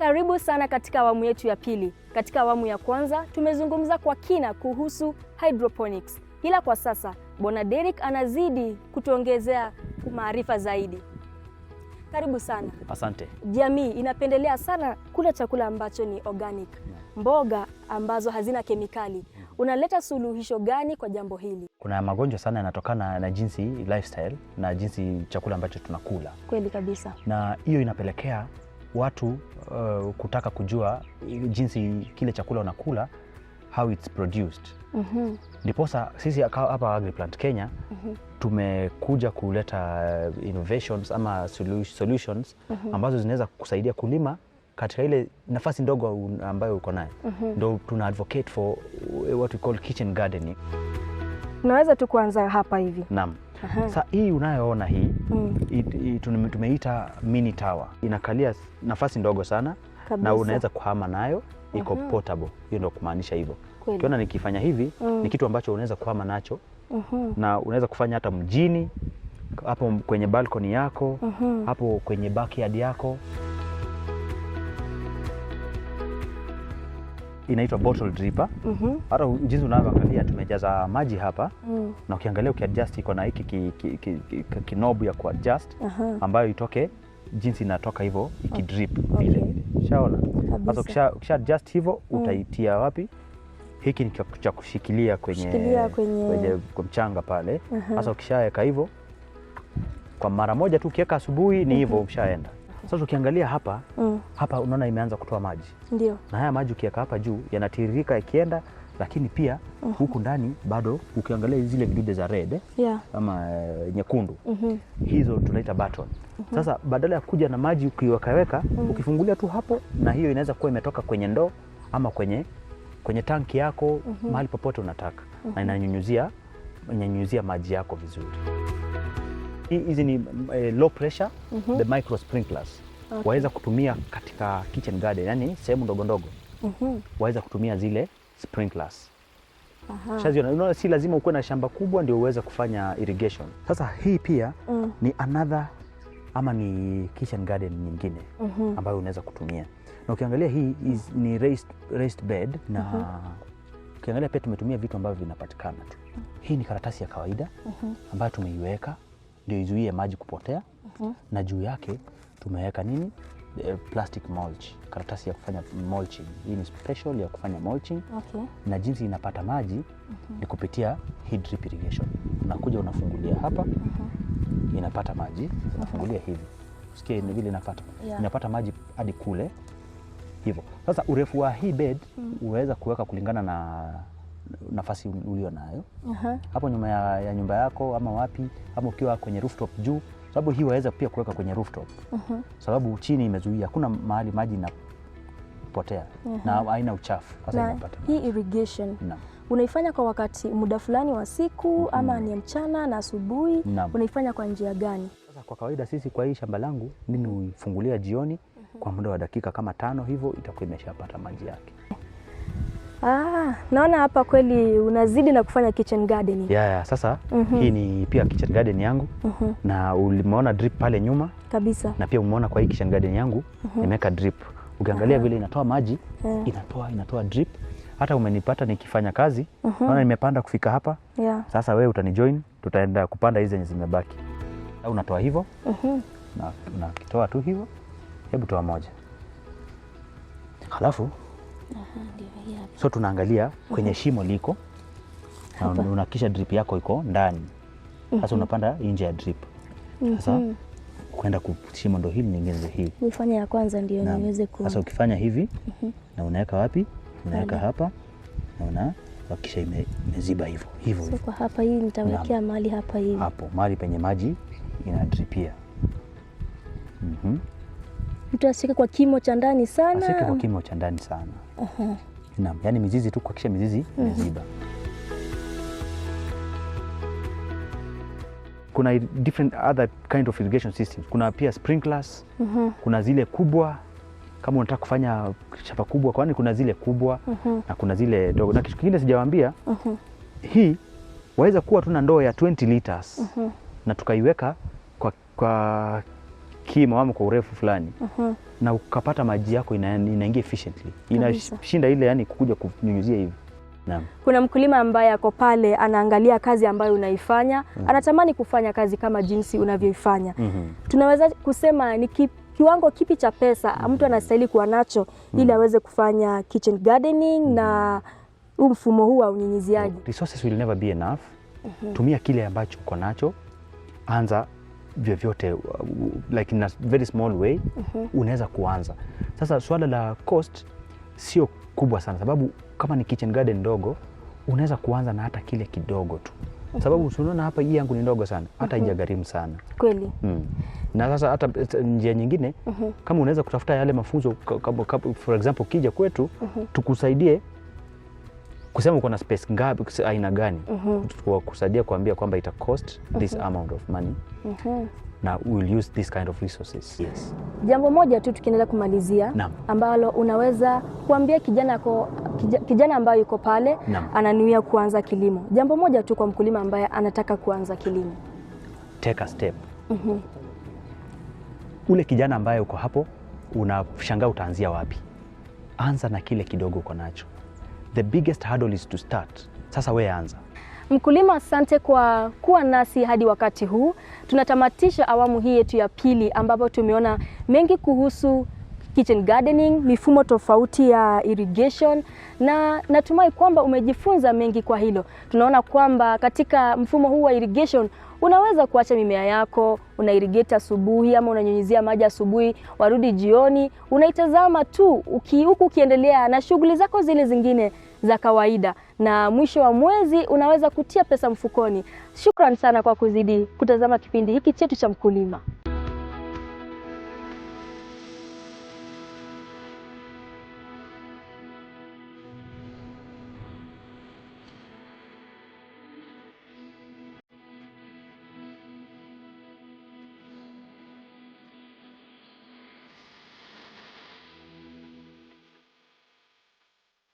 Karibu sana katika awamu yetu ya pili. Katika awamu ya kwanza tumezungumza kwa kina kuhusu hydroponics, ila kwa sasa Bwana Derek anazidi kutuongezea maarifa zaidi. Karibu sana. Asante. Jamii inapendelea sana kula chakula ambacho ni organic, mboga ambazo hazina kemikali. Unaleta suluhisho gani kwa jambo hili? Kuna magonjwa sana yanatokana na jinsi lifestyle na jinsi chakula ambacho tunakula. Kweli kabisa. Na hiyo inapelekea watu uh, kutaka kujua jinsi kile chakula unakula how it's produced mm -hmm. Ndiposa sisi hapa Agriplant Kenya mm -hmm. tumekuja kuleta uh, innovations ama solutions mm -hmm. ambazo zinaweza kusaidia kulima katika ile nafasi ndogo ambayo uko nayo mm -hmm. ndo tuna advocate for uh, what we call kitchen gardening. Naweza tu kuanza hapa hivi. Naam. Sa hii unayoona hii mm. tumeita mini tower, inakalia nafasi ndogo sana kabisa. na unaweza kuhama nayo iko uh portable. Hiyo ndio kumaanisha hivyo. Ukiona nikifanya hivi mm. ni kitu ambacho unaweza kuhama nacho uh na unaweza kufanya hata mjini hapo kwenye balcony yako hapo kwenye backyard yako. inaitwa bottle dripper. Mhm. Hata jinsi unavyoangalia tumejaza maji hapa mm. na ukiangalia ukiadjust iko na hiki kinobu ya kuadjust ambayo itoke jinsi inatoka hivyo drip vile okay. Shaona sasa ukisha, ukisha adjust hivyo mm. utaitia wapi? Hiki ni cha kushikilia kwenye, kwenye... kwa mchanga pale sasa ukishaweka hivyo kwa mara moja tu ukiweka asubuhi ni mhm. hivyo mm ushaenda sasa ukiangalia hapa mm. hapa unaona imeanza kutoa maji ndio, na haya maji ukiweka hapa juu yanatiririka yakienda, lakini pia mm -hmm. huku ndani bado ukiangalia zile vidude za red yeah. ama uh, nyekundu mm -hmm. hizo tunaita button mm -hmm. Sasa badala ya kuja na maji ukiwekaweka mm -hmm. ukifungulia tu hapo, na hiyo inaweza kuwa imetoka kwenye ndoo ama kwenye, kwenye tanki yako mm -hmm. mahali popote unataka mm -hmm. na mm-hmm. inanyunyuzia inanyunyuzia maji yako vizuri hizi ni eh, low pressure mm -hmm. the micro sprinklers okay. waweza kutumia katika kitchen garden, yani sehemu ndogo ndogo mm -hmm. waweza kutumia zile sprinklers. Shaziona, si lazima ukuwe na shamba kubwa ndio uweze kufanya irrigation. Sasa hii pia mm. ni another ama ni kitchen garden nyingine mm -hmm. ambayo unaweza kutumia na ukiangalia hii is, ni raised, raised bed na mm -hmm. ukiangalia pia tumetumia vitu ambavyo vinapatikana tu. Mm. Hii ni karatasi ya kawaida mhm. ambayo tumeiweka ndio izuie maji kupotea uh mhm. -huh. na juu yake tumeweka nini eh, plastic mulch, karatasi ya kufanya mulching. Hii ni special ya kufanya mulching okay. na jinsi inapata maji uh mhm. -huh. ni kupitia hii drip irrigation. Unakuja unafungulia hapa uh mhm. -huh. inapata maji unafungulia uh -huh. hivi, usikie vile inapata yeah. inapata maji hadi kule hivyo. Sasa urefu wa hii bed uh uweza kuweka kulingana na nafasi ulio nayo uh-huh. hapo nyuma ya, ya nyumba yako ama wapi ama ukiwa kwenye rooftop juu, sababu hii waweza pia kuweka kwenye rooftop uh-huh. sababu chini imezuia, hakuna mahali maji inapotea uh-huh. na aina uchafu. hii irrigation na unaifanya kwa wakati muda fulani wa siku mm-hmm. ama mm. ni mchana na asubuhi, unaifanya kwa njia gani? Sasa kwa kawaida sisi kwa hii shamba langu mimi huifungulia jioni, mm -hmm. kwa muda wa dakika kama tano hivyo itakuwa imeshapata maji yake. Ah, naona hapa kweli unazidi na kufanya kitchen gardening. Yeah, yeah, sasa mm -hmm. Hii ni pia kitchen garden yangu mm -hmm. Na ulimeona drip pale nyuma kabisa, na pia umeona kwa hii kitchen garden yangu mm -hmm. Nimeweka drip ukiangalia Vile inatoa maji yeah. Inatoa inatoa drip hata umenipata nikifanya kazi mm -hmm. Naona nimepanda kufika hapa yeah. Sasa wewe utanijoin, tutaenda kupanda hizi zenye zimebaki. Unatoa hivyo mm -hmm. Na unakitoa tu hivyo, hebu toa moja halafu so tunaangalia kwenye shimo liko unakisha drip yako iko ndani sasa, mhm. unapanda nje ya drip sasa mhm. kwenda kushimo ndo hili ningeze hivi ufanye ya kwanza ndio niweze ku. Sasa ukifanya hivi mhm. na unaweka wapi? Unaweka hapa na akisha hakisha imeziba hivyo hivyo hivyo. Kwa hapa hii nitawekea mali hapa hivi. Hapo mali penye maji inadripia. Mhm mtu asike kwa kimo cha ndani sana, asike kwa kimo cha ndani sana. Uh-huh. Naam, yani mizizi tu kuhakikisha mizizi imeziba. Kuna different other kind of irrigation systems. Kuna pia sprinklers. Uh-huh. Kuna zile kubwa kama unataka kufanya shamba kubwa, kwani kuna zile kubwa uh-huh. na kuna zile dogo na kitu kingine sijawaambia uh-huh. hii waweza kuwa tuna ndoo ya 20 liters uh-huh. na tukaiweka kwa, kwa kima ama kwa urefu fulani uh -huh. na ukapata maji yako inaingia efficiently inashinda ile yani kukuja kunyunyuzia hivi. Naam. Kuna mkulima ambaye ako pale anaangalia kazi ambayo unaifanya mm -hmm. anatamani kufanya kazi kama jinsi unavyoifanya mm -hmm. tunaweza kusema ni kipi kiwango kipi cha pesa mm -hmm. mtu anastahili kuwa nacho mm -hmm. ili aweze kufanya kitchen gardening mm -hmm. na huu mfumo huu wa unyunyiziaji. Resources will never be enough. Mm -hmm. Tumia kile ambacho uko nacho, anza vyovyote uh, like in a very small way mm -hmm. unaweza kuanza. Sasa swala la cost sio kubwa sana, sababu kama ni kitchen garden ndogo unaweza kuanza na hata kile kidogo tu mm -hmm. sababu tunaona hapa hii yangu ni ndogo sana hata mm -hmm. haijagharimu sana kweli mm. na sasa hata eh, njia nyingine mm -hmm. kama unaweza kutafuta yale mafunzo for example kija kwetu mm -hmm. tukusaidie kusema uko na space ngapi, aina gani, mm -hmm. kusaidia kuambia kwamba ita cost this mm -hmm. amount of money mm -hmm. na we'll use this kind of resources yes. Jambo moja tu tukiendelea kumalizia na, ambalo unaweza kuambia kijana ko, kijana ambaye yuko pale ananuia kuanza kilimo, jambo moja tu kwa mkulima ambaye anataka kuanza kilimo, take a step mm -hmm. ule kijana ambaye uko hapo unashangaa utaanzia wapi? Anza na kile kidogo uko nacho the biggest hurdle is to start. Sasa wewe anza. Mkulima, asante kwa kuwa nasi hadi wakati huu. Tunatamatisha awamu hii yetu ya pili ambapo tumeona mengi kuhusu kitchen gardening, mifumo tofauti ya irrigation, na natumai kwamba umejifunza mengi kwa hilo. Tunaona kwamba katika mfumo huu wa irrigation unaweza kuacha mimea yako, irrigate asubuhi ama unanyunyizia maji asubuhi, warudi jioni, unaitazama tu uki, huku ukiendelea na shughuli zako zile zingine za kawaida, na mwisho wa mwezi unaweza kutia pesa mfukoni. Shukran sana kwa kuzidi kutazama kipindi hiki chetu cha Mkulima.